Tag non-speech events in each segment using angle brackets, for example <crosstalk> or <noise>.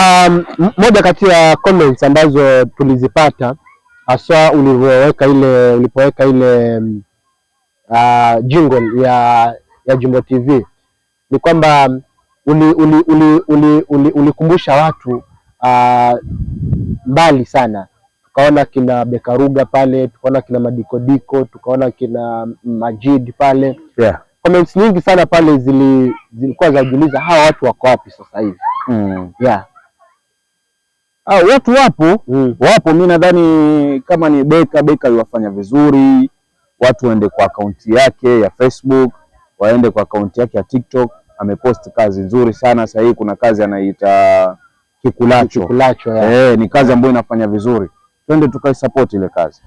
Um, moja kati ya comments ambazo tulizipata haswa ulivyoweka ile ulipoweka ile um, uh, jingle ya ya Jimbo TV ni kwamba ulikumbusha uli, uli, uli, uli, uli watu uh, mbali sana. Tukaona kina Bekaruga pale, tukaona kina Madikodiko, tukaona kina um, Majid pale yeah. Comments nyingi sana pale zili, zilikuwa zajiuliza hawa watu wako wapi sasa hivi mm. yeah Ah, watu wapo mm. Wapo, mi nadhani kama ni Beka, Beka yuwafanya vizuri, watu waende kwa akaunti yake ya Facebook, waende kwa akaunti yake ya TikTok. Amepost kazi nzuri sana sasa hii kuna kazi anaita Kikulacho, Kikulacho eh, ni kazi ambayo inafanya vizuri, twende tukaisupport ile kazi.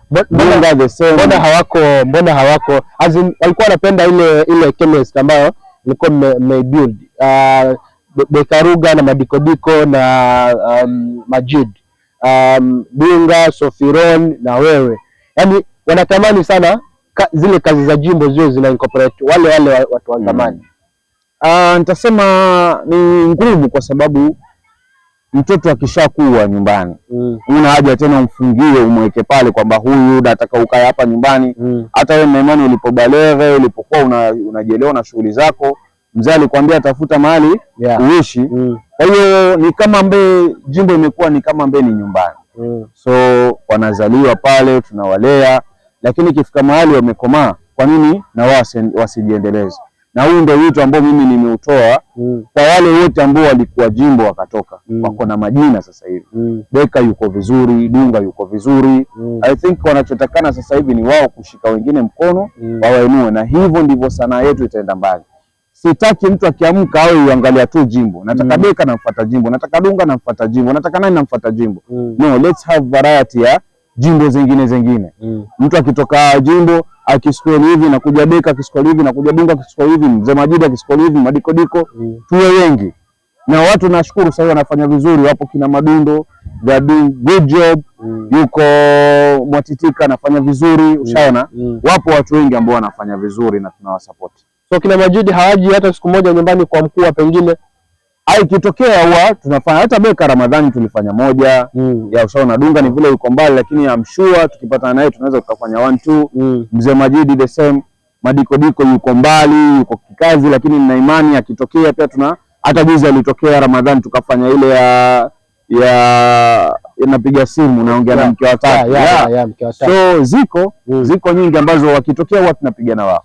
Mbona hawako mbona hawako as in, walikuwa wanapenda ile ile chemistry ambayo mlikuwa mmebuild uh, ah, Bekaruga na madikodiko na um, Majid um, Dunga Sofiron na wewe, yaani wanatamani sana ka, zile kazi za jimbo zio zina incorporate wale wale watu wa mm. zamani mm. Uh, nitasema ni ngumu kwa sababu mtoto akishakuwa nyumbani mm. una haja tena umfungie umweke pale kwamba huyu nataka ukae hapa nyumbani mm. hata wewe Maimani ulipobalere ulipokuwa unajielewa una na shughuli zako mzee alikwambia tafuta mahali yeah. uishi mm. Kwa hiyo ni kama mbee jimbo imekuwa ni kama mbee ni nyumbani mm. So wanazaliwa pale tunawalea, lakini ikifika mahali wamekomaa, kwa nini na wao wasijiendeleze? Na huu ndio wito ambao mimi nimeutoa mm. kwa wale wote ambao walikuwa jimbo wakatoka mm. wako na majina sasa hivi mm. Beka yuko vizuri, Dunga yuko vizuri mm. I think wanachotakana sasa hivi ni wao kushika wengine mkono mm. wawainue, na hivyo ndivyo sanaa yetu itaenda mbali. Sitaki mtu akiamka awe uangalia tu jimbo. Nataka mm. Beka namfuata jimbo, nataka Dunga namfuata jimbo, nataka nani namfuata jimbo mm. No, let's have variety ya jimbo zingine zingine mm. Mtu akitoka jimbo akiskoli hivi na kuja Beka akiskoli hivi na kuja Dunga akiskoli hivi, Mzee Majida akiskoli hivi, Madiko Diko mm. Tuwe wengi na watu, nashukuru sasa wanafanya vizuri, wapo kina Madundo they do good job mm. Yuko Mwatitika anafanya vizuri, mm. ushaona mm. mm. Wapo watu wengi ambao wanafanya vizuri na tunawasapoti. So kina Majidi hawaji hata siku moja nyumbani kwa mkuu, pengine au kitokea huwa tunafanya hata Beka Ramadhani tulifanya moja mm. ya ushaona dunga ni vile yuko mbali, lakini amshua tukipatana naye tunaweza tukafanya one two mm. mzee Majidi the same Madiko Diko yuko mbali, yuko kikazi, lakini nina imani akitokea pia tuna hata juzi alitokea Ramadhani tukafanya ile ya ya inapiga simu naongea na mke wa tatu, so ziko mm. ziko nyingi ambazo wakitokea huwa tunapiga na wao.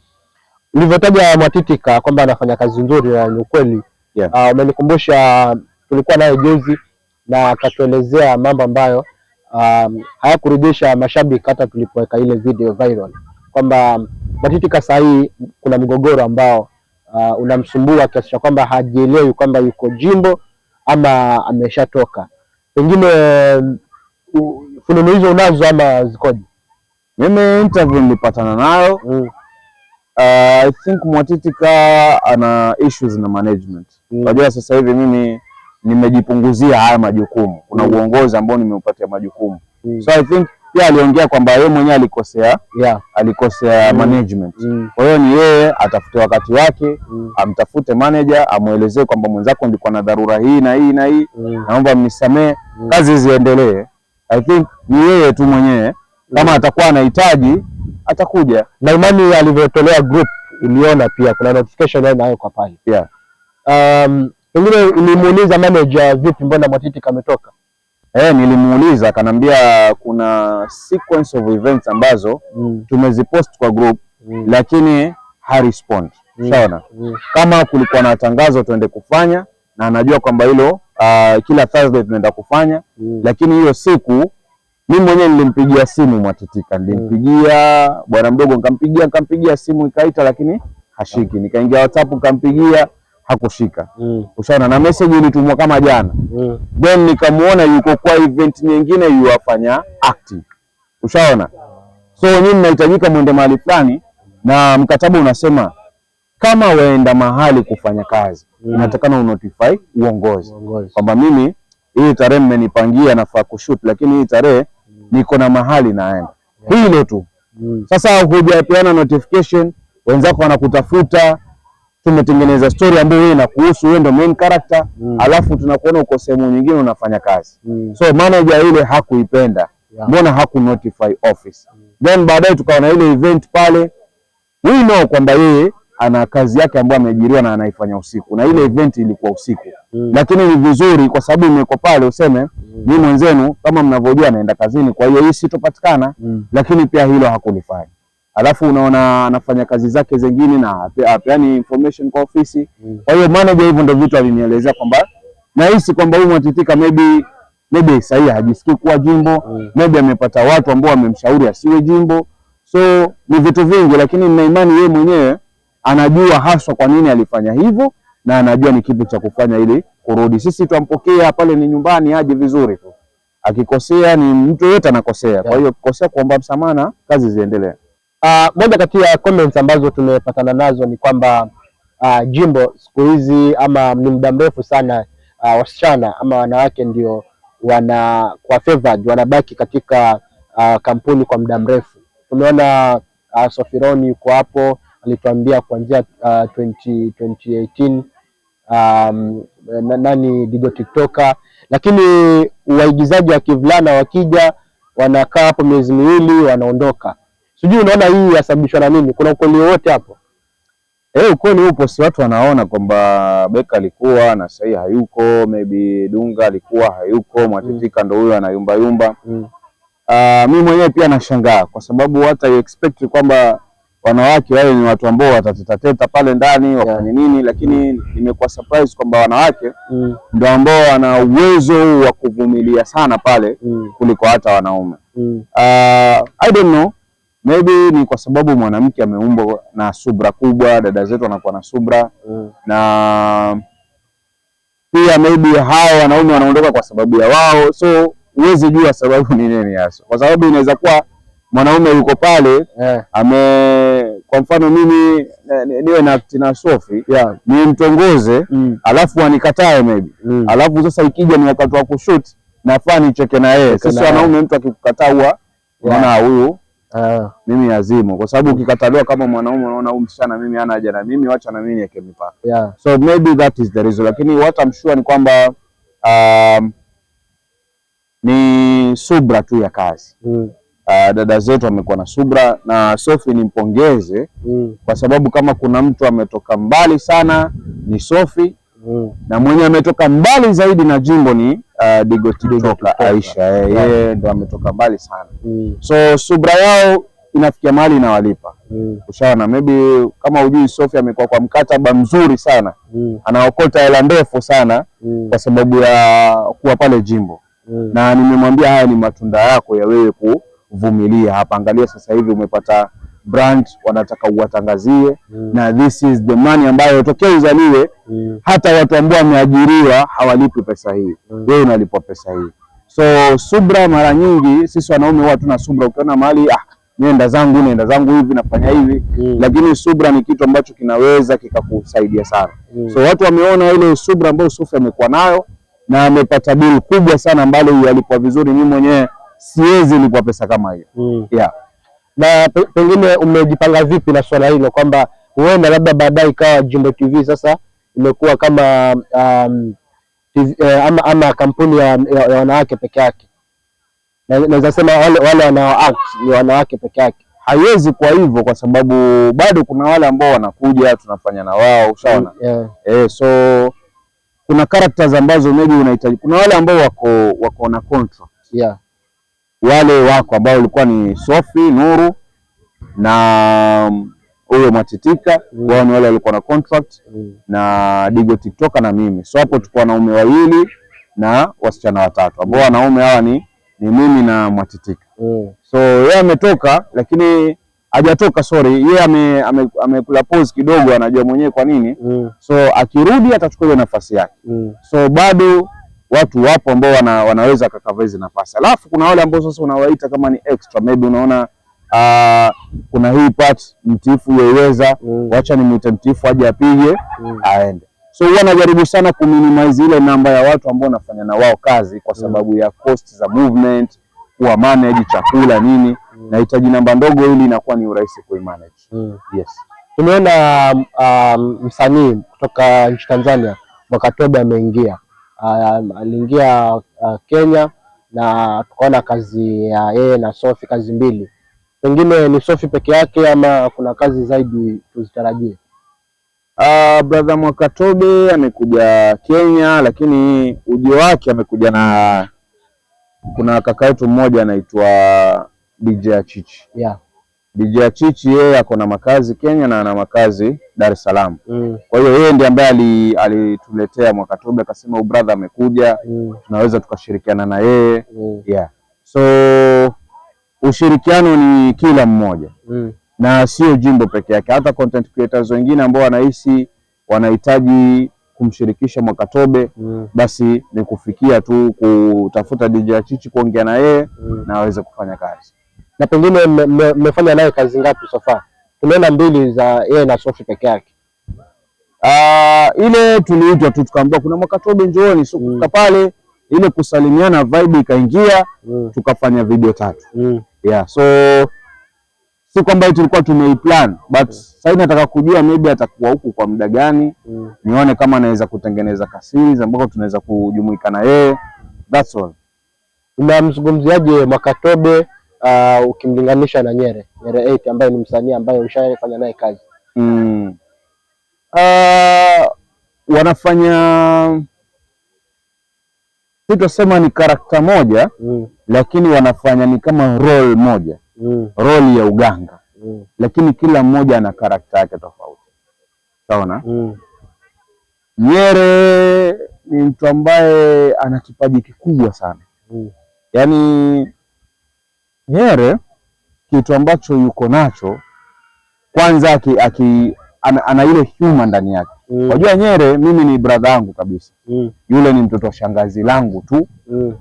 Ulivyotaja Mwatitika kwamba anafanya kazi nzuri na ni ukweli yeah. Uh, umenikumbusha tulikuwa naye juzi na akatuelezea mambo ambayo um, ah, hayakurejesha mashabiki hata tulipoweka ile video viral kwamba Mwatitika saa hii kuna mgogoro ambao uh, unamsumbua kiasi cha kwamba hajielewi kwamba yuko jimbo ama ameshatoka. Pengine fununu hizo unazo ama zikoje? Mimi interview nilipatana nayo mm. Uh, I think Mwatitika ana issues na management. Mm. Unajua mm. Sasa hivi mimi nimejipunguzia haya majukumu. Kuna mm. uongozi ambao nimeupatia majukumu. Mm. So I think pia aliongea kwamba yeye mwenyewe alikosea, yeah. Alikosea mm. management. Mm. Kwa hiyo ni yeye atafute wakati wake, mm. amtafute manager, amuelezee kwamba mwenzako ndiko na dharura hii na hii na hii. Mm. Naomba mnisamee, mm. kazi ziendelee. I think ni yeye tu mwenyewe kama atakuwa anahitaji atakuja na imani alivyotolea group iliona pia kuna notification nayo nayo kwa pale yeah. Um, pengine nilimuuliza manager vipi, mbona Mwatiti kametoka? Eh, nilimuuliza akanambia kuna sequence of events ambazo mm. tumezipost kwa group mm. lakini respond mm. sawa mm. kama kulikuwa na tangazo tuende kufanya na anajua kwamba hilo uh, kila Thursday tunaenda kufanya mm. lakini hiyo siku mimi mwenyewe nilimpigia simu Mwatitika, nilimpigia bwana mdogo, nikampigia nikampigia simu ikaita, lakini hashiki. Nikaingia WhatsApp nikampigia hakushika. Mm. Ushaona na message ilitumwa kama jana. Mm. Then nikamuona yuko kwa event nyingine yuwafanya acting. Ushaona? So nyinyi mnahitajika mwende mahali fulani na mkataba unasema kama waenda mahali kufanya kazi mm. inatakana unotify uongozi kwamba mimi hii tarehe mmenipangia nafaa kushoot, lakini hii tarehe niko na mahali naenda, hilo tu mm. Sasa hujapeana notification, wenzako wanakutafuta, tumetengeneza story ambayo wewe inakuhusu, wewe ndio main character mm. Alafu tunakuona uko sehemu nyingine unafanya kazi mm. So manager yule hakuipenda yeah. Mbona haku notify office mm. Then baadaye tukawa na ile event pale, we know kwamba yeye ana kazi yake ambayo ameajiriwa na anaifanya usiku, na ile event ilikuwa usiku mm. Lakini ni vizuri kwa sababu imekuwa pale useme mm. Mimi mwenzenu kama mnavyojua naenda kazini, kwa hiyo hii sitopatikana mm. Lakini pia hilo hakulifanya, alafu unaona anafanya kazi zake zingine na apeani information kwa ofisi mm. Kwa hiyo manager, hivyo ndio vitu alinielezea kwamba nahisi kwamba huyu Mwatitika maybe maybe sahihi hajisikii kuwa jimbo mm. Maybe amepata watu ambao wamemshauri asiwe jimbo, so ni vitu vingi, lakini nina imani yeye mwenyewe anajua haswa kwa nini alifanya hivyo na anajua ni kipi cha kufanya ili kurudi. Sisi twampokea pale ni nyumbani aje vizuri tu, akikosea ni mtu yote anakosea yeah. Kwa hiyo kukosea, kuomba msamaha kazi ziendelee. Uh, moja kati ya comments ambazo tumepatana nazo ni kwamba uh, Jimbo siku hizi ama ni muda mrefu sana uh, wasichana ama wanawake ndio wana kwa favored wanabaki katika uh, kampuni kwa muda mrefu. Tumeona uh, Sofironi yuko hapo alituambia kuanzia uh, 2018 um, nani Digo tiktoka, lakini waigizaji wa kivulana wakija wanakaa hapo miezi miwili wanaondoka. Sijui unaona hii yasababishwa na nini? Kuna ukweli wowote hapo? Eh, ukweli upo, si watu wanaona kwamba Beka alikuwa na sahi hayuko, maybe Dunga alikuwa hayuko, Mwatitika mm. ndo huyo anayumbayumba mm. Uh, ah, mi mwenyewe pia nashangaa kwa sababu hata you expect kwamba wanawake wale ni watu ambao watatetateta pale ndani wafanye nini, lakini nimekuwa surprise kwamba wanawake mm. ndio ambao wana uwezo wa kuvumilia sana pale mm. kuliko hata wanaume mm. Uh, I don't know maybe ni kwa sababu mwanamke ameumbwa na subra kubwa, dada zetu wanakuwa na subra mm. na pia maybe hao wanaume wanaondoka kwa sababu ya wao, so huwezi jua sababu ni nini hasa, kwa sababu inaweza kuwa mwanaume yuko pale yeah. ame kwa mfano mimi eh, niwe na Tina Sofi yeah. nimtongoze mm. alafu anikatae maybe mm. alafu sasa ikija ni wakati wa kushoot nafaa nicheke na yeye. Sisi wanaume mtu akikukataa huwa unaona huyu yeah. mimi azimu, kwa sababu ukikataliwa kama mwanaume unaona huyu msichana mimi hana haja na mimi, wacha na mimi niweke mipaka yeah. so maybe that is the reason, lakini what I'm sure ni kwamba um, ni subra tu ya kazi mm. Uh, dada zetu amekuwa na subra na Sofi nimpongeze mm. kwa sababu kama kuna mtu ametoka mbali sana ni Sofi mm. na mwenye ametoka mbali zaidi na jimbo ni uh, ah, Digoti kutoka Aisha eh, yeye yeah. yeah, ndo ametoka mbali sana mm. so subra yao inafikia mahali inawalipa mm. ushaona, maybe kama ujui Sofi amekuwa kwa mkataba mzuri sana mm. anaokota hela ndefu sana mm. kwa sababu ya kuwa pale jimbo mm. na nimemwambia haya ni matunda yako ya wewe ku vumilia hapa. Angalia sasa hivi umepata brand wanataka uwatangazie mm. na this is the money ambayo tokea uzaliwe mm. hata watu ambao wameajiriwa hawalipi pesa hii mm. wewe unalipwa pesa hii. So subra, mara nyingi sisi wanaume huwa tuna subra. Ukiona mali ah, nenda zangu nenda zangu hivi nafanya hivi mm. lakini subra ni kitu ambacho kinaweza kikakusaidia sana mm. so watu wameona ile subra ambayo Sufi amekuwa nayo na amepata bill kubwa sana ambalo yalikuwa vizuri. Mimi mwenyewe siwezi ni pesa kama hiyo mm. yeah. Na pe, pengine umejipanga vipi na swala hilo kwamba huenda labda baadaye ikawa Jimbo TV sasa imekuwa kama um, TV, eh, ama, ama kampuni ya, ya, ya wanawake peke yake, naweza sema wale wale act ni wanawake peke yake. Haiwezi kwa hivyo, kwa sababu bado kuna wale ambao wanakuja tunafanya na wao, ushaona mm, yeah. Eh, so kuna characters ambazo maybe unahitaji, kuna wale ambao wako wako na contract yeah wale wako ambao walikuwa ni Sofi Nuru na um, huyo Mwatitika mm. wao ni wale walikuwa na contract mm. na Digo TikTok na mimi. So hapo tulikuwa wanaume wawili na wasichana watatu ambao mm. wanaume hawa ni, ni mimi na Mwatitika mm. so yeye ametoka, lakini hajatoka sorry, yeye ame, ame, amekula pause kidogo, anajua mwenyewe kwa nini mm. so akirudi atachukua nafasi yake mm. so bado watu wapo ambao wana, wanaweza kakava hizi nafasi, alafu kuna wale ambao sasa unawaita kama ni extra maybe unaona Uh, kuna hii part mtiifu yeweza mm. Wacha ni mwite mtifu aje apige mm. aende. So huwa najaribu sana kuminimize ile namba ya watu ambao nafanya na wao kazi kwa mm. sababu mm. ya cost za movement, kuwa manage chakula nini mm. nahitaji namba ndogo ili inakuwa ni urahisi kuimanage mm. Yes, tumeona um, msanii kutoka nchi Tanzania Mwakatobe ameingia Ah, aliingia uh, Kenya na tukaona kazi ya uh, yeye na sofi kazi mbili. Pengine ni sofi peke yake ama kuna kazi zaidi tuzitarajie? Uh, brother Mwakatobe amekuja Kenya, lakini ujio wake amekuja na kuna kaka yetu mmoja anaitwa DJ Achichi. Yeah. DJ Achichi yeye ako na makazi Kenya na ana makazi Dar es Salaam. Mm. Kwa hiyo yeye ndiye ambaye alituletea mwaka tobe, akasema brother amekuja, mm. tunaweza tukashirikiana na yeye mm. yeah. So ushirikiano ni kila mmoja mm. na sio Jimbo peke yake, hata content creators wengine ambao wanahisi wanahitaji kumshirikisha Mwakatobe mm. basi ni kufikia tu kutafuta DJ Chichi kuongea na yeye mm. na aweze kufanya kazi. Na pengine mmefanya naye kazi ngapi so far? tumeenda mbili za yeye na Sofi peke yake. Uh, ile tuliitwa tu tukaambiwa kuna Mwakatobe njooni, so mm. pale ile kusalimiana vibe ikaingia mm. tukafanya video tatu mm. yeah, so si kwamba tulikuwa tumeiplan but mm. sasa nataka kujua maybe atakuwa huku kwa muda gani mm. nione kama anaweza kutengeneza kasiri ambako tunaweza kujumuika na yeye, that's all. Tunamzungumziaje Mwakatobe uh, ukimlinganisha na Nyere Nyere 8 ambaye ni msanii ambaye ushafanya naye kazi mm. Uh, wanafanya sitasema ni karakta moja mm. Lakini wanafanya ni kama role moja mm. Role ya uganga mm. Lakini kila mmoja ana karakta yake tofauti, saona mm. Nyere ni mtu ambaye ana kipaji kikubwa sana mm. Yaani Nyere kitu ambacho yuko nacho kwanza, aki, aki, ana, ana ile huma ndani yake mm. Wajua Nyere mimi ni bradha yangu kabisa mm. Yule ni mtoto wa shangazi langu tu mm.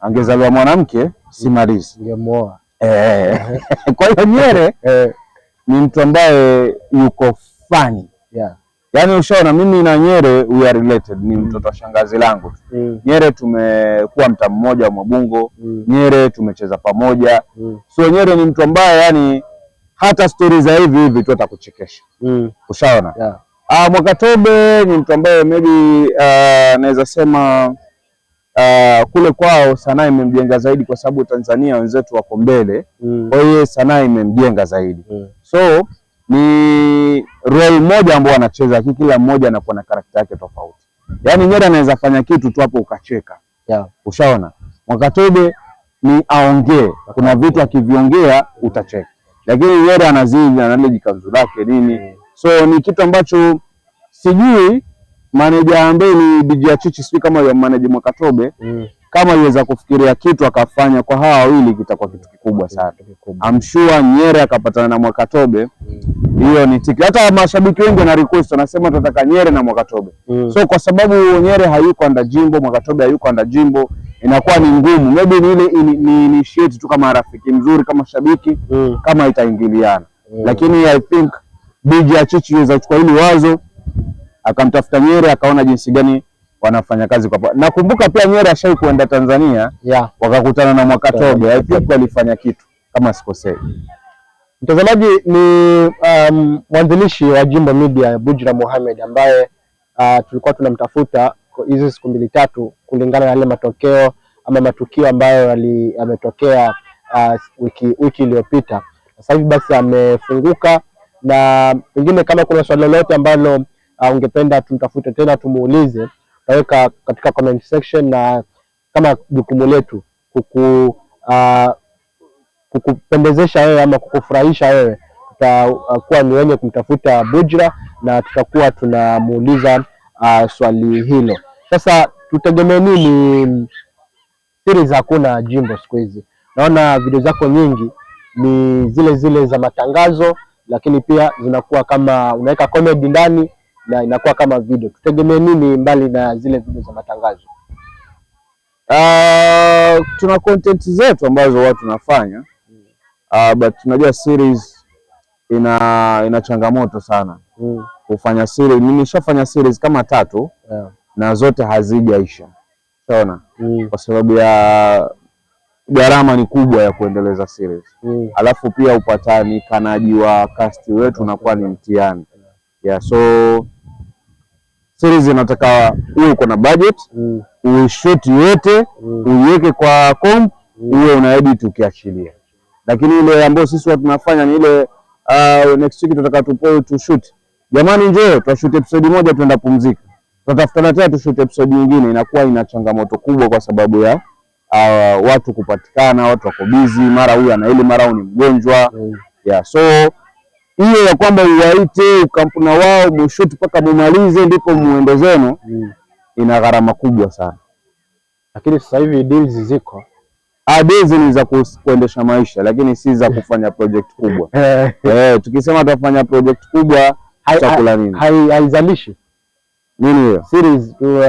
Angezaliwa mwanamke simalizi ngemoa eh. eh. <laughs> Kwa hiyo Nyere <laughs> eh, ni mtu ambaye yuko fani yeah. Yaani ushaona mimi na Nyere we are related, ni mm. mtoto mm. wa shangazi langu mm. Nyere tumekuwa mtaa mmoja wa Mwabungo mm. Nyere tumecheza pamoja mm. so Nyere ni mtu ambaye yani hata stori za hivi hivi tu atakuchekesha mm. ushaona yeah. Ah, Mwakatobe ni mtu ambaye maybe uh, naweza sema uh, kule kwao sanaa imemjenga zaidi kwa sababu Tanzania wenzetu wako mbele mm. kwa hiyo sanaa imemjenga zaidi mm. so ni role moja ambao anacheza, lakini kila mmoja anakuwa na karakta yake tofauti. Yaani Nyera anaweza fanya kitu tu hapo ukacheka, yeah. Ushaona Mwakatobe ni aongee, kuna vitu akiviongea utacheka, lakini Nyera anazidi na ile jikamzu lake nini, so ni kitu ambacho sijui maneja ambaye ni DJ Chichi, sijui kama ya maneja Mwakatobe mm kama aliweza kufikiria kitu akafanya kwa hawa wawili kitakuwa kitu kikubwa sana. I'm sure Nyere akapatana na Mwakatobe mm. hiyo mm. ni tiki. Hata mashabiki wengi wana request wanasema tunataka Nyere na Mwakatobe mm. so kwa sababu Nyere hayuko anda jimbo, Mwakatobe hayuko anda jimbo, inakuwa ni ngumu, maybe ni ile ni initiate tu kama rafiki mzuri kama shabiki mm. kama itaingiliana mm. lakini I think DJ Achichi anaweza kuchukua hili wazo akamtafuta Nyere akaona jinsi gani wanafanya kazi kwa pamoja. Nakumbuka pia Nyeri ashai kuenda Tanzania yeah. wakakutana na Mwakatobe yeah. pia walifanya kitu kama sikosei. Mtazamaji ni um, mwanzilishi wa Jimbo Media Bujra Mohamed ambaye uh, tulikuwa tunamtafuta hizi siku mbili tatu, kulingana na yale matokeo ama matukio ambayo yametokea uh, wiki wiki iliyopita. Sasa hivi basi amefunguka, na pengine kama kuna swali lolote ambalo uh, ungependa tumtafute tena tumuulize utaweka katika comment section, na kama jukumu letu kuku uh, kukupendezesha wewe ama kukufurahisha wewe, tutakuwa ni wenye kumtafuta Bujra na tutakuwa tunamuuliza uh, swali hilo. Sasa tutegemee nini? Series hakuna jimbo siku hizi, naona video zako nyingi ni zile zile za matangazo, lakini pia zinakuwa kama unaweka comedy ndani na inakuwa kama video. Tutegemee nini mbali na zile video za matangazo? Uh, tuna content zetu ambazo watu tunafanya uh, but tunajua series ina ina changamoto sana mm. Kufanya series, mimi nishafanya series kama tatu yeah. Na zote hazijaisha unaona mm. Kwa sababu ya gharama ni kubwa ya kuendeleza series mm. Alafu pia kanaji wa cast wetu unakuwa ni mtihani yeah. Yeah, so series inataka uwe uko na budget mm. uishoti yote mm. uiweke kwa comp mm. uwe una edit ukiachilia, lakini ile ambayo sisi watu tunafanya ni ile uh, next week tutataka tupoe tu shoot, jamani, njoo tutashoot episode moja, tuenda pumzika, tutatafutana tena tu shoot episode nyingine. Inakuwa ina changamoto kubwa kwa sababu ya uh, watu kupatikana, watu wako busy, mara huyu ana ile, mara huyu ni mgonjwa mm. yeah, so hiyo ya kwamba uwaite ukampuna wao mushuti mpaka mumalize ndipo muende zenu mm. ina gharama kubwa sana, lakini sasa hivi deals ziko ah, deals ni za kuendesha maisha, lakini si za kufanya project kubwa <laughs> eh. eh, tukisema tutafanya project kubwa chakula nini, haizalishi nini hiyo series tu uh,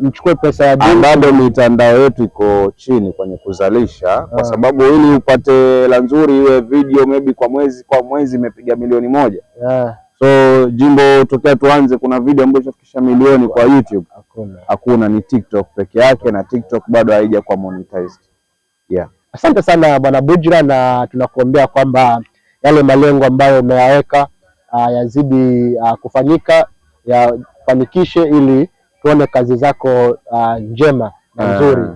mchukue pesa ya deni. Bado mitandao yetu iko chini kwenye kuzalisha ha. Kwa ah. sababu ili upate la nzuri iwe video maybe kwa mwezi kwa mwezi imepiga milioni moja ha. Ah. So Jimbo, tokea tuanze kuna video ambayo ishafikisha milioni kwa YouTube hakuna, hakuna ni TikTok peke yake, na TikTok bado haija kwa monetized. Yeah. Asante sana Bwana Bujra, na tunakuombea kwamba yale malengo ambayo umeyaweka ah, yazidi kufanyika, yafanikishe ili tuone kazi zako uh, njema na ah. nzuri